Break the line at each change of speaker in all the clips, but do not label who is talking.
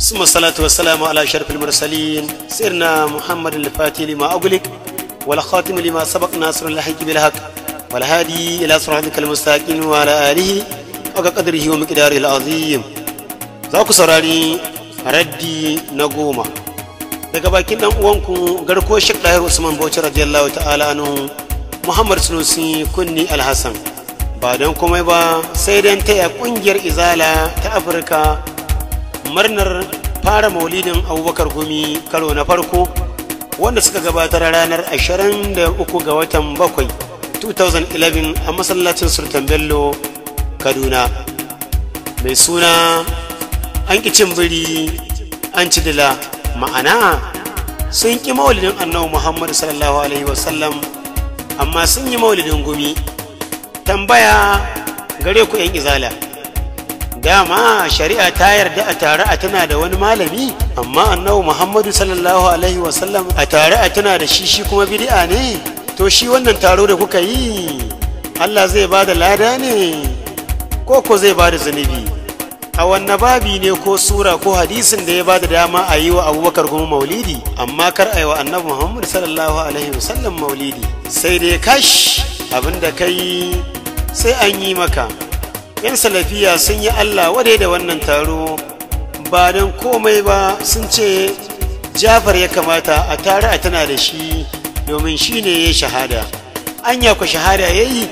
ثم الصلاة والسلام على شرف المرسلين سيرنا محمد الفاتح لما أغلق والخاتم لما سبق ناصر الحق بالحق والهادي إلى صراطك المستقيم وعلى آله وقدره ومقداره العظيم ذاك سراري ردي نقوما daga bakin dan uwanku garko Sheikh Dahir Usman Bauchi radiyallahu ta'ala anhu Muhammad Sunusi Kunni Alhassan ba don komai ba sai dan taya kungiyar Izala ta Afirka murnar fara maulidin abubakar gumi karo na farko wanda suka gabatar ranar 23 ga watan bakwai 2011 a masallacin sultan bello kaduna mai suna an ƙi cin biri an ci dila ma'ana sun ƙi maulidin annabi muhammadu sallallahu alaihi wasallam amma sun yi maulidin gumi tambaya gare ku 'yan izala dama shari'a ta yarda a tare a tana da wani malami amma annabi muhammadu sallallahu alaihi wasallam a tare a tana da shi shi kuma bid'a ne to shi wannan taro da kuka yi allah zai bada lada ne ko ko zai ba da zunubi a wanne babi ne ko sura ko hadisin da ya ba da dama a yi wa abubakar kuma maulidi amma kar a yi wa annabi muhammad sallallahu alaihi wasallam maulidi sai dai kash abinda kai sai an yi maka 'yan salafiya sun yi allah wadai da wannan taro ba don komai ba sun ce jafar ya kamata a tare a tana da shi domin shi ne ya shahada anya ku shahada ya yi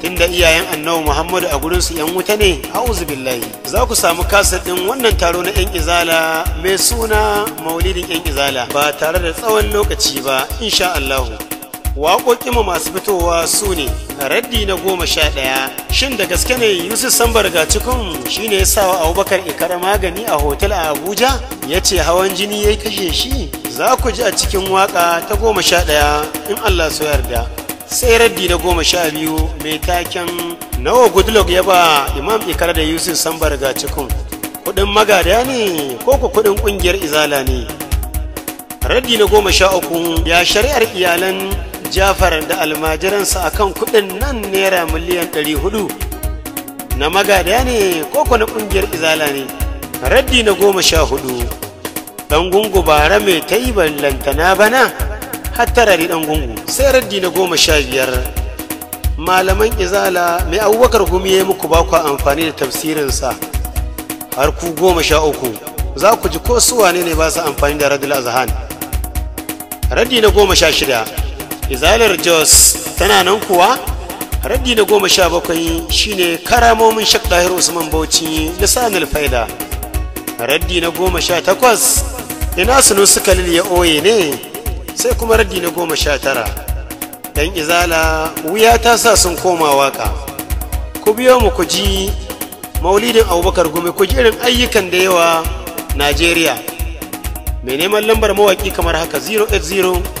tunda iyayen annawa muhammadu a gurinsu 'yan wuta ne a billahi za ku samu kasar ɗin wannan taro na 'yan izala mai suna maulidin 'yan izala ba tare da tsawon lokaci ba insha allahu waƙoƙinmu masu fitowa su ne raddi na goma sha ɗaya shin da gaske ne yusuf sambar ga cikin shi ne ya wa abubakar ikara magani a hotel a abuja ya ce hawan jini ya kashe shi za ku ji a cikin waƙa ta goma sha ɗaya in allah so yarda sai raddi na goma sha biyu mai taken nawa goodluck ya ba imam ikara da yusuf sambar ga cikin kuɗin magada ne ko ku kuɗin ƙungiyar izala ne raddi na goma sha uku ya shari'ar iyalan jafar da almajiransa akan kuɗin nan naira miliyan 400 na magada ne ko na ƙungiyar izala ne raddi na goma sha hudu ɗan gungu bara mai ta yi ballantana bana Har tarari ɗan gungu sai raddi na goma sha biyar malaman izala mai abubakar gumi ya muku ba ku amfani da tafsirinsa har ku goma sha uku za ku ji ko su ne ne ba su amfani da radul azhan raddi na goma sha shida izalar jos tana nan kuwa raddi na goma sha bakwai shine karamomin shak dahir usman bauchi sanil faida raddi na goma sha takwas ina sunu suka ya oye ne sai kuma raddi na goma sha tara ɗan izala wuya ta sa sun koma waka ku biyo mu ku ji maulidin abubakar gumi ku ji irin ayyukan da yawa najeriya mai neman lambar mawaƙi kamar haka 080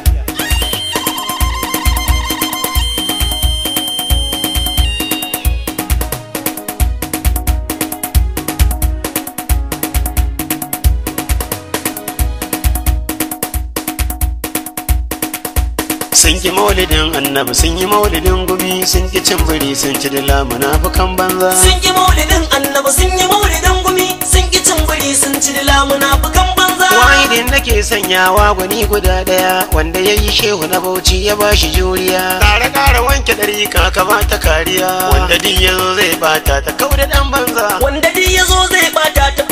ki maulidin annabi sun yi maulidin gumi sun ki cin biri sun ci dila munafukan banza sun
yi maulidin annabi sun yi maulidin gumi sun ki cin biri sun ci dila munafukan banza wahidin nake
sanyawa gwani guda daya wanda ya yi shehu na bauchi ya ba shi juriya kare kare wanke dari ka ka ta kariya wanda din yazo zai bata ta kaure
dan banza wanda din yazo zai bata ta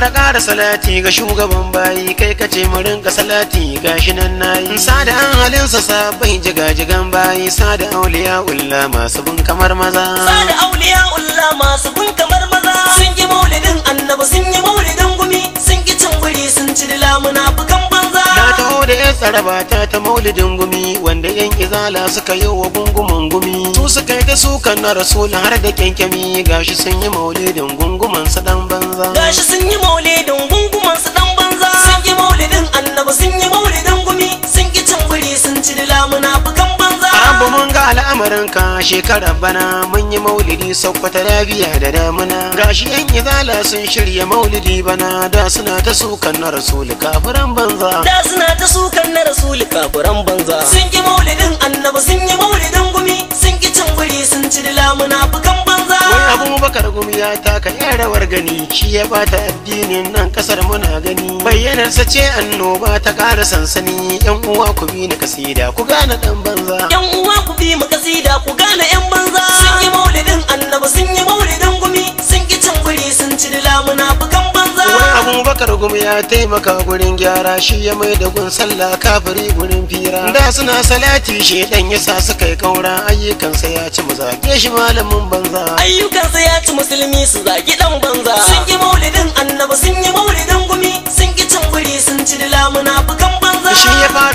fara ƙara salati ga shugaban bayi kai ka ce rinka salati gashi nan nayi sada an halinsa sabai jigajigan bayi sada auliya ulla masu bin kamar maza
sada auliya ulla masu bin kamar maza sun yi maulidin annabi sun yi maulidin gumi sun ki cin sun ci lamuna bukan
da yan tsarabata ta maulidin gumi wanda yan izala suka yi wa gunguman gumi su suka yi ta sukan na rasul har da kyankyami gashi sun yi maulidin gunguman su dan banza gashi
sun yi maulidin gunguman su dan banza sun yi maulidin annabi sun yi maulidin
al'amarinka shekarar bana mun yi maulidi da biya da damuna gashi yan izala sun shirya maulidi bana da suna ta sukan na
rasuli kafiran banza da suna ta sukan na rasuli kafiran banza sun yi maulidin annabi sun yi maulidin gumi
abubakar gumi ya taka yarawar gani shi ya bata addinin nan kasar muna gani bayyanarsa ce annoba ta kara sansani yan uwa ku bi ni kasida ku gane dan
banza yan uwa ku bi mu kasida ku gane yan banza sun yi maulidin annabi sun yi maulidin gumi sun ki cin sun ci lamuna
kar gum ya taimaka gurin gyara shi ya mai da gun sallah kafiri gurin fira da suna salati shi dan yasa suka yi kaura ayyukansa ya ci mu ke
shi malamin banza ayyukansa ya ci musulmi su zagi dan banza sun yi maulidin annabi sun yi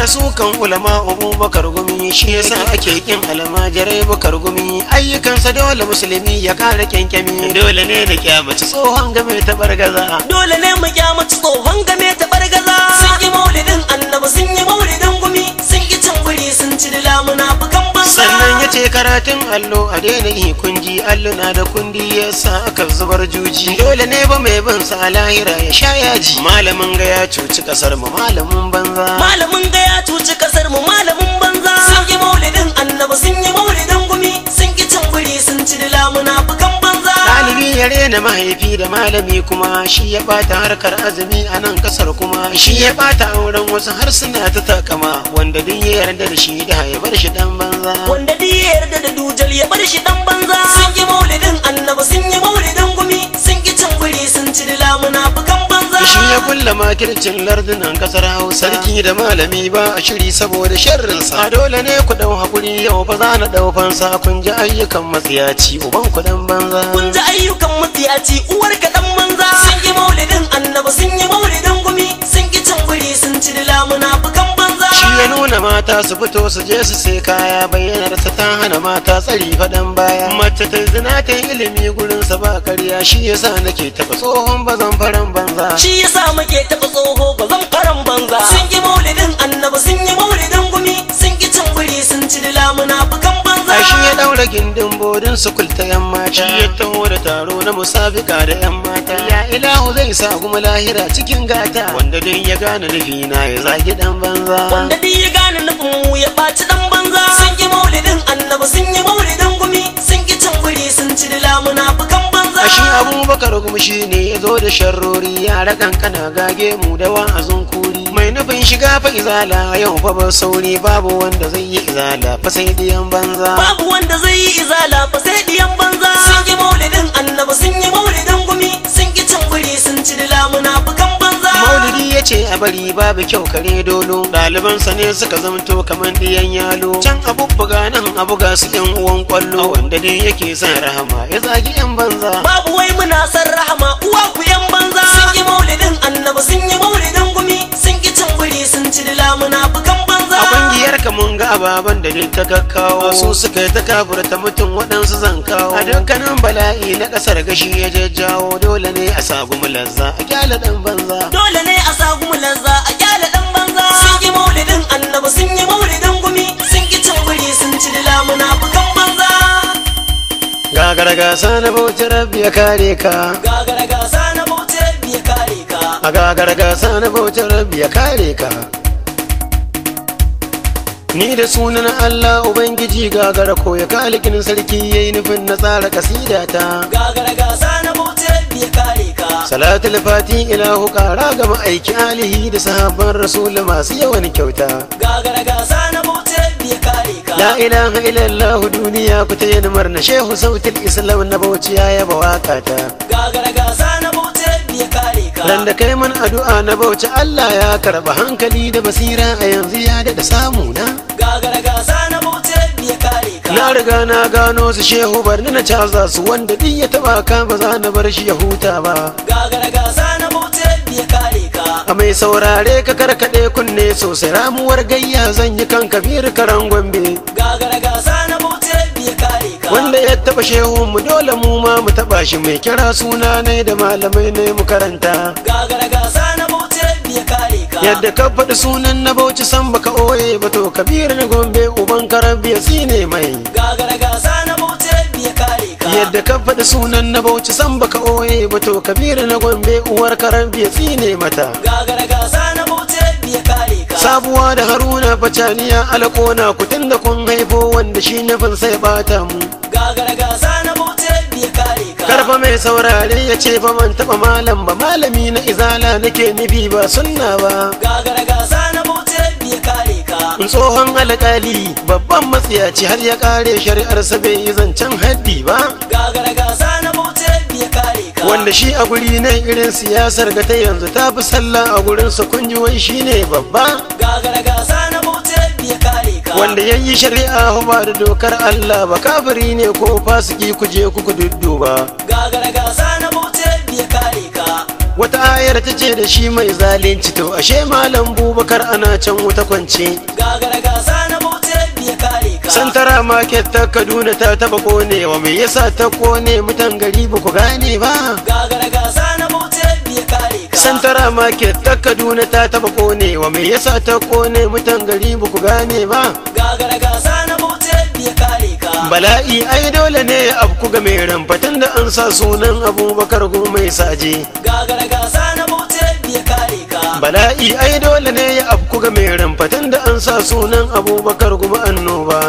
sukan ulama abubakar gumi
shi yasa ake kin almajirai bakar gumi ayyukansa dole musulmi ya kara
kyankyami dole ne na kyamaci tsohon game ta bargaza dole ne mu kyamaci tsohon game ta bargaza sun yi maulidin annabi sun yi maulidin gumi sun yi cin guri sun ci dila
munafukan banza sannan ce karatun allo a daina yi kungi alluna da kundi ya sa aka zubar juji dole ne ba mai bin sa lahira ya sha yaji malamin ga ya cuci kasar mu malamin banza
malamin ga ya cuci kasar mu malamin banza sun yi maulidin annabi sun yi maulidin gumi sun ki cin biri sun ci dila munafukan
ya rena mahaifi da malami kuma shi ya bata harkar azumi a nan kasar kuma shi ya bata auren wasu har suna ta takama wanda duk ya yarda da shi da ya bar
shi dan banza wanda duk ya yarda da dujal ya bar shi dan banza sun yi maulidin annabi sun yi maulidin gumi sun ci dila munafukan banza shi ya kulla makircin
lardunan kasar hausa sarki da malami ba a shiri saboda sharrinsa a dole ne ku dau hakuri yau ba za na dau fansa kun ji ayyukan matsiyaci uban ku dan banza kun ji
ayyukan matsiyaci uwar ka dan banza sun yi maulidin annabi sun yi maulidin gumi sun ki cin guri sun ci dila munafukan ya
nuna mata su fito su je su sai kaya bayyanar ta ta hana mata tsari faɗan baya mace ta zina ta yi ilimi gurin
sa ba ƙarya shi yasa nake taɓa tsohon bazan faran banza shi yasa muke taɓa tsoho bazan faran banza sun yi maulidin annabi sun yi maulidin gumi sun ki cin guri sun ci dila bukan banza shi ya ɗaura gindin wurin su kulta yan mata ya taho
da taro na musabika da yan mata ya ilahu zai sa kuma lahira cikin gata wanda dai ya gane nufi na ya zagi dan banza wanda
dai ya gane nufin mu ya baci dan banza sun yi maulidin annabi sun yi maulidin gumi sun ki cin guri sun ci lamuna bukan banza shi abubakar gumi shine ya zo da sharrori yara kankana gage mu da wa ku
mai nufin shiga fa izala yau fa bar sauri babu wanda zai yi izala fa sai diyan banza babu
wanda zai yi izala fa sai diyan banza sun yi maulidin annabi sun yi maulidin gumi sun ki cin guri sun ci lamuna bukan banza maulidi
ya ce a bari babu kyau kare dolo sa ne suka zamto kamar diyan yalo can abubuga nan abuga su yan uwan kwallo wanda dai yake son rahama ya zagi yan banza
babu wai muna son rahama uwa ku yan banza sun yi maulidin annabi sun yi maulidin bugan banza a kungiyar
ka mun ga ababen dalil ta kakkawo su suka yi ta mutum waɗansu zan kawo a dukkanin
bala'i na
ƙasar gashi ya jajjawo dole ne a sagu lanza a kyala ɗan
banza dole ne a sagu lanza a kyala ɗan banza sun yi maulidin annabi sun yi maulidin gumi sun ki cin
guri sun ci dila munafukan banza
gagara gasa na bauchi rabbi ya kare ka
gagara gasa na bauchi rabbi ya kare ka
a gagara gasa na bauchi rabbi ya kare ka ni da sunan Allah Ubangiji gagara ko ya kalikin sarki ya yi nufin na tsara kasida ta. Gagara
gasa na bauti rabbi ya kare ka.
Salatul fati ilahu kara ga ma'aiki alihi da sahabban rasul masu yawan kyauta.
Gagara gasa na bauti rabbi ya kare ka. La
ilaha illallah duniya ku ta yin murna shehu sautin islam na bauchi ya yaba waka ta.
Gagara gasa na bauti rabbi ya kare dan
kai man addu'a na bauchi Allah ya karba hankali da basira a yanzu ya da samu na
gagara gasa na bauchi rabbi ya
kare ka na riga na gano su shehu barni na caza su wanda din ya taba ka ba za na bar shi ya huta ba
gagara gasa na bauchi rabbi ya kare ka
a mai saurare ka karkade kunne sosai ramuwar gayya zan yi kan kabiru karan gombe
gagara wanda
ya taba shehu mu dole mu ma mu taba shi mai kira suna ne da malamai ne mu karanta
na
yadda ka faɗi sunan na bauchi san baka oye ba to kabir na gombe uban ka biya ya mai
na bauchi
yadda ka faɗi sunan na bauchi san baka oye ba to kabir na gombe uwar ka rabbi ya mata sabuwa da haruna bacaniya alkona kutun da kun haifo wanda shi nufin sai bata mu
gagaragasa na kare ka
karfa mai saurare ya ce ba man taba malam ba malami na izala nake nufi ba sunna ba
gagaragasa na bauti kare ka
tsohon alkali babban matsiyaci har ya ƙare shari'ar sa bai yi zancen haddi ba
gagaragasa na
wanda shi a guri na irin siyasar ga ta yanzu ta fi sallah a gurin su kunjiwai shine babba
gagara ya yi wanda
shari'a ba da dokar Allah ba kafiri ne ko fasiki kuje kuku dudduba
ba.
wata ayar ta ce da shi mai zalunci to ashe malam bubakar ana can wuta kwance gagara santara market ta kaduna ta taba wa me yasa ta kone mutan gari ba ku gane ba
gagara gasa na ya kare
ka santara market ta kaduna ta taba wa me yasa ta kone mutan gari ba ku gane ba
gagara gasa na ya kare ka
bala'i ai dole ne abku ga mai fatan da an sa sunan abubakar gumai saje
Gagaraga gasa na
bala'i ai dole ne ya afku ga mai ramfatan da an sa sunan abubakar kuma annoba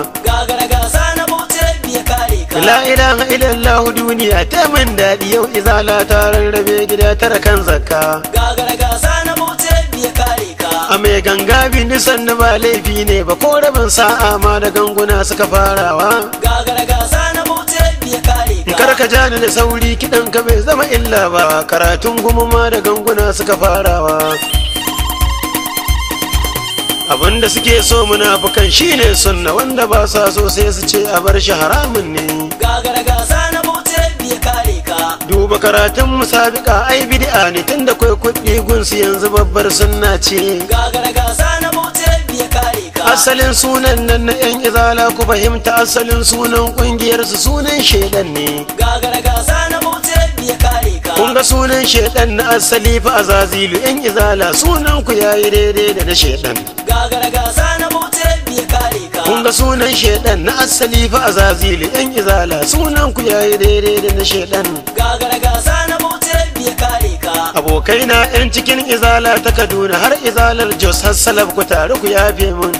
la ilaha illallah
duniya ta
min daɗi yau izala ta rarrabe gida tara kan zakka a mai ganga nisan na ba laifi ne ba ko rabin sa'a ma da ganguna suka farawa
gagara gasa na kar ka
jani da sauri kiɗan ka bai zama illa ba karatun gumuma da ganguna suka farawa abinda suke so munafukan shine sunna wanda ba sa so sai su ce a bar shi haramun ne
gagara gasa na ya kare ka
duba karatun musabika ai bid'a ne tunda kwai kuɗi gunsu yanzu babbar sunna ce
gagara gasa na bautar
ya kare asalin sunan nan na yan izala ku fahimta asalin sunan kungiyar su sunan shedan ne
gagara na kare ka
kun ga sunan shedan na asali fa azazilu yan izala sunan ku yi daidai da na shedan
gagara na kare
ka kun ga sunan shedan na asali fa azazilu yan izala sunan ku yi daidai da na shedan
gagara na bauti kare ka
abokaina yan cikin izala ta kaduna har izalar jos Hassalaf, ku tare ku yafe mun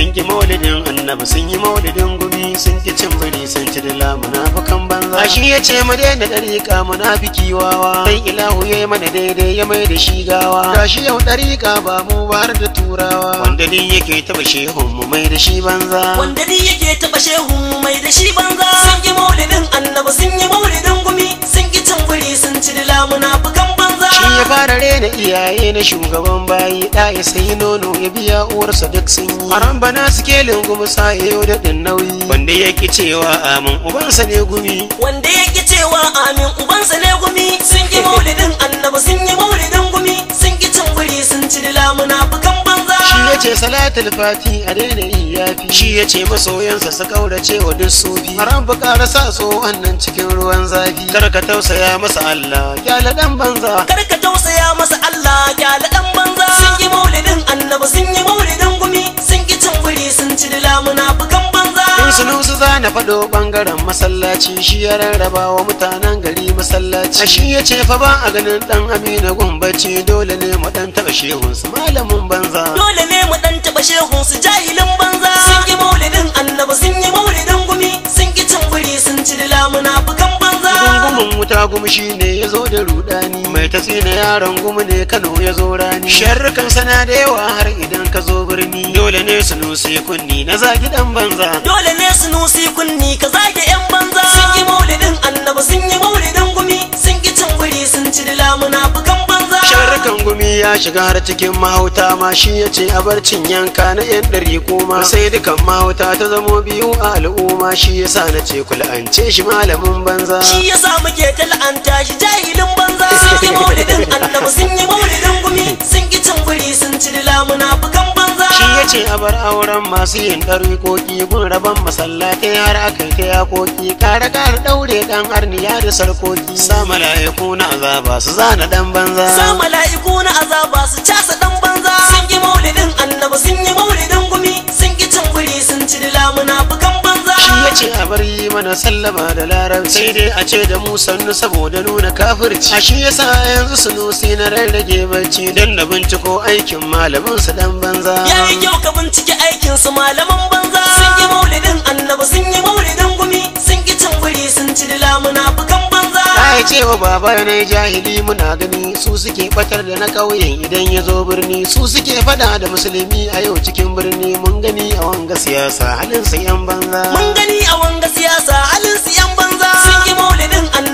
sun ki maulidin annabi sun yi maulidin gumi sun ki cin biri sun ci da lamuna, bukan banza A shi ya ce mu daina ɗariƙa munafiki wawa sai ilahu ya yi mana daidai ya mai da shi gawa ga shi yau ɗariƙa ba mu ba har da turawa wanda ni yake taɓa shehun mu mai da
shi banza wanda ni yake taɓa shehun mu mai da shi banza sun yi maulidin annabi sun yi maulidin gumi sun ki cin biri sun ci da lamuna munafukan shi ya fara rena
iyaye na shugaban bayi da ya sayi nono ya biya uwarsa duk sun yi haram bana suke lungumu sa yau daɗin nauyi wanda ya ki cewa amin ubansa ne gumi
wanda ya ki cewa amin ubansa
ta fati a daina yi yafi shi ya ce masoyansa su kaurace wa duk sufi haram buka ƙara sa so wannan cikin ruwan zafi kar ka tausaya masa Allah
kyale dan banza kar ka tausaya masa Allah kyale dan banza sun yi maulidin annabi sun yi maulidin gumi sun ki cin wuri sun
ci dila munafukan sunusu za na faɗo ɓangaren masallaci shi ya rarraba wa mutanen gari masallaci A shi ya ce fa ba a ganin ɗan amina gumbaci dole ne mu ɗan taɓa shehunsu malamin banza
dole ne mu ɗan taɓa shehunsu jahilin banza sun yi maulidin annabi sun yi maulidin sun ci lamuna munafukan banza gungumin wuta gumshi ne ya zo da rudani mai tasi yaron gumu ne kano
ya zo rani sharrukan sana da yawa har idan ka zo birni dole ne su nusi kunni
na zagi dan banza dole ne su nusi kunni ka zagi yan banza sun yi maulidin annabi sun yi maulidin gumi sun ki cin sun ci dila banza. kan
gumi ya shiga har cikin mahauta ma shi ya ce a cin yanka na yan ɗari kuma sai dukan mahauta ta zamo biyu a al'umma shi ya sa na ce ku la'ance shi malamin banza. Shi
ya sa muke ta la'anta shi jahilin banza. Sun yi maulidin annabi sun yi maulidin gumi sun ki cin wuri sun ci lamuna. bukan ya ce a bar auren masu yin
ɗarikoki gun rabon masallatai har aka ta yakoki kare kare ɗaure ɗan arniya da sarkoki sa mala'iku na azaba su zana ɗan banza sa
mala'iku na azaba su casa ɗan banza sun yi maulidin annabi sun
mana sallama da larabci sai dai a ce da mu sannu saboda nuna kafirci a shi yasa yanzu su sunusi na rarrage barci don na binciko aikin malamin su dan banza ya yi
kyau ka bincike aikin su malaman banza sun yi maulidin annabi sun yi maulidin gumi sun ki cin guri sun ci lamuna bukan
banza ya yi cewa baba na jahili muna gani su suke fatar da na kauye idan ya zo birni su suke fada da musulmi a yau cikin birni mun gani a wanga siyasa halin su yan banza mun
gani a wanga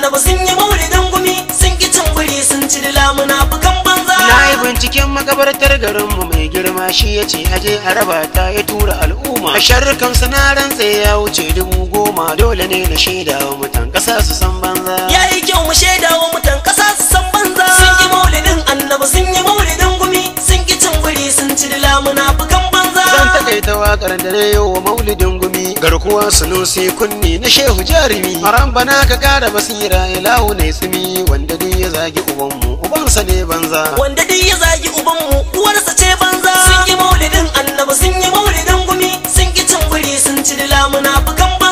annabi sun yi maulidin gumi sun ki cin guri sun ci lamuna bukan banza na
yi binciken makabartar garinmu mai girma shi ya ce aje a raba ta ya tura al'umma
a sharrukan sanaran tsaye ya wuce dubu goma dole ne na shaida wa mutan ƙasa su san banza ya yi kyau mu shaida wa mutan ƙasa su san banza sun yi maulidin annabi sun yi maulidin gumi sun ki cin guri sun ci lamuna bukan banza zan
takaita waƙar dare yau wa maulidin gumi garkuwa sulusi kunni na shehu jarumi haram bana ka kara basira ilahu ne tsimi wanda duk ya zagi ubanmu ubansa ne banza wanda
duk ya zagi ubanmu uwarsa ce banza sun yi maulidin annabi sun yi maulidin gumi sun ki cin sun ci dila munafukan ba